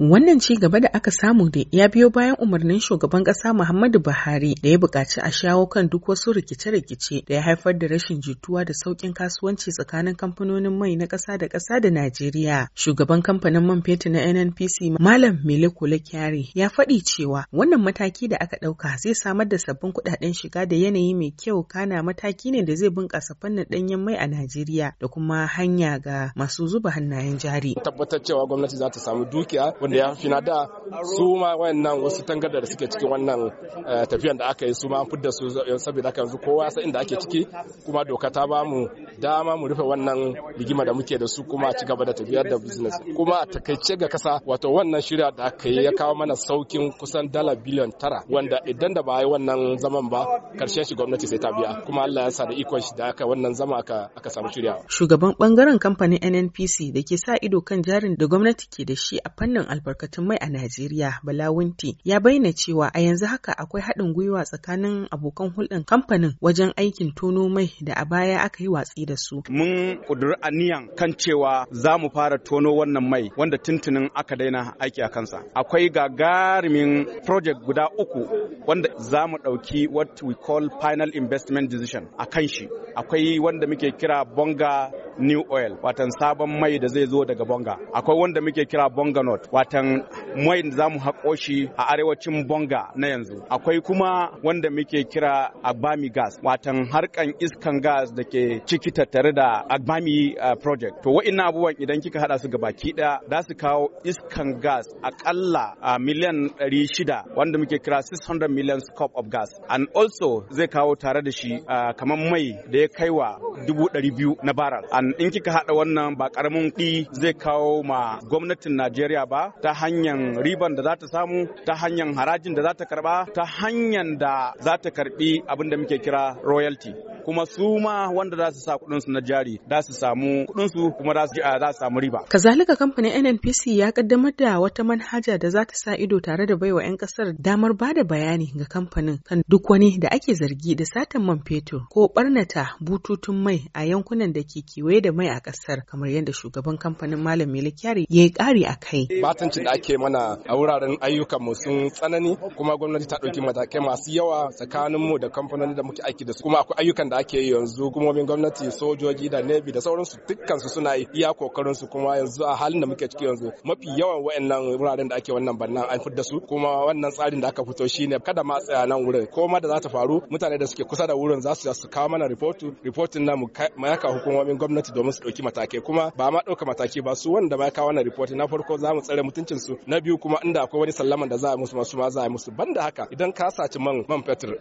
Wannan ci gaba da aka samu dai ya biyo bayan umarnin shugaban ƙasa Muhammadu Buhari da ya buƙaci a shawo kan duk wasu rikice-rikice da ya haifar da rashin jituwa da sauƙin kasuwanci tsakanin kamfanonin mai na ƙasa da ƙasa da Najeriya. Shugaban kamfanin man fetur na NNPC Malam Mele Kule Kyari ya faɗi cewa wannan mataki da aka ɗauka zai samar da sabbin kuɗaɗen shiga da yanayi mai kyau kana mataki ne da zai bunƙasa fannin ɗanyen mai a Najeriya da kuma hanya ga masu zuba hannayen jari. Tabbatar cewa gwamnati za ta samu dukiya da ya fi na da su ma wayannan wasu tangarda da suke cikin wannan eh, tafiyan da aka yi su ma an fidda su saboda haka yanzu kowa sai inda ake ciki kuma doka ta ba mu dama mu rufe wannan rigima da muke da su kuma ci gaba da tafiyar da business kuma a takaice ga kasa wato wannan shirya da aka yi ya kawo mana saukin kusan dala biliyan tara wanda idan da ba yi wannan zaman ba karshen shi gwamnati sai ta biya kuma Allah ya sa da ikon shi da aka wannan zama aka aka samu shirya shugaban bangaren kamfanin NNPC da ke sa ido kan jarin da gwamnati ke da shi a fannin albarkatun mai a Najeriya Bala Balawunti ya bayyana cewa a yanzu haka akwai haɗin gwiwa tsakanin abokan hulɗin kamfanin wajen aikin tono mai da a baya aka yi watsi da su. Mun ƙudiri aniyan kan cewa za mu fara tono wannan mai wanda tuntunin aka daina aiki a kansa. Akwai gagarumin project guda uku wanda za mu ɗauki what we call final investment decision a kan shi. Akwai wanda muke kira bonga new oil watan sabon mai da zai zo daga bonga akwai wanda muke kira bonga not watan mai da zamu haƙo shi a arewacin bonga na yanzu akwai kuma wanda muke kira agbami gas watan harkan iskan gas da ke ciki tattare da agbami uh, project to wa'innan abubuwan idan kika hada su gabaki daya za su kawo iskan gas akalla a uh, miliyan 600 wanda muke kira 600 million scope of gas and also zai kawo tare da shi uh, kamar mai da ya kai wa 200 na baral and in kika haɗa wannan ba karamin ɗi zai kawo ma gwamnatin Najeriya ba ta hanyar riban da za ta samu ta hanyar harajin da za ta karba ta hanyar da za ta karbi abin da muke kira royalty kuma su ma wanda za su sa kuɗin su na jari za su samu kuɗin su kuma za su samu riba kazalika kamfanin NNPC ya kaddamar da wata manhaja da za ta sa ido tare da baiwa 'yan ƙasar damar ba da bayani ga kamfanin kan duk wani da ake zargi da satan man fetur ko barnata bututun mai a yankunan da ke kewaye da mai a ƙasar, kamar yadda shugaban kamfanin malam Melikyari ya yi ƙari a kai. Batancin da ake mana a wuraren ayyukan mu sun tsanani kuma gwamnati ta ɗauki matakai masu yawa tsakanin mu da kamfanonin da muke aiki da su kuma akwai ayyukan da ake yi yanzu gumomin gwamnati sojoji da nebi da sauransu dukkansu suna iya kokarin su kuma yanzu a halin da muke ciki yanzu mafi yawan wayannan wuraren da ake wannan bannan an fitar da su kuma wannan tsarin da aka fito shine kada ma tsaya nan wurin ko da za ta faru mutane da suke kusa da wurin za su su kawo mana report reportin na mu yaka hukumomin gwamnati domin su dauki matakai kuma ba ma dauka mataki ba su wanda ma ya kawo wannan report na farko za mu tsare mutuncin su na biyu kuma inda akwai wani sallaman da za a musu masu ma za a musu banda haka idan ka saci man man fetur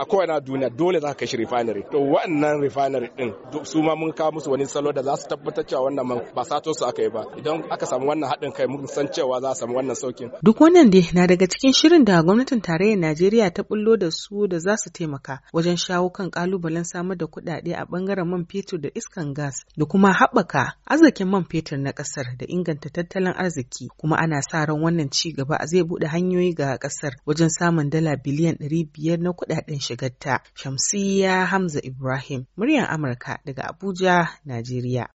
a kowane duniya dole za ka kai shi refinery to wannan refinery din duk su ma mun kawo musu wani salo da za su tabbatar cewa wannan man ba sato su aka yi ba idan aka samu wannan haɗin kai mun san cewa za a samu wannan saukin duk wannan dai na daga cikin shirin da gwamnatin tarayyar Najeriya ta bullo da su da za su taimaka wajen shawo kan kalubalen samar da kuɗaɗe a bangaren man fetur da iskan gas da kuma haɓaka arzikin man fetur na ƙasar da inganta tattalin arziki kuma ana sa ran wannan ci gaba zai buɗe hanyoyi ga ƙasar wajen samun dala biliyan ɗari biyar na kuɗaɗen shigarta. Shamsiyya Hamza Ibrahim, muryar Amurka daga Abuja, Najeriya.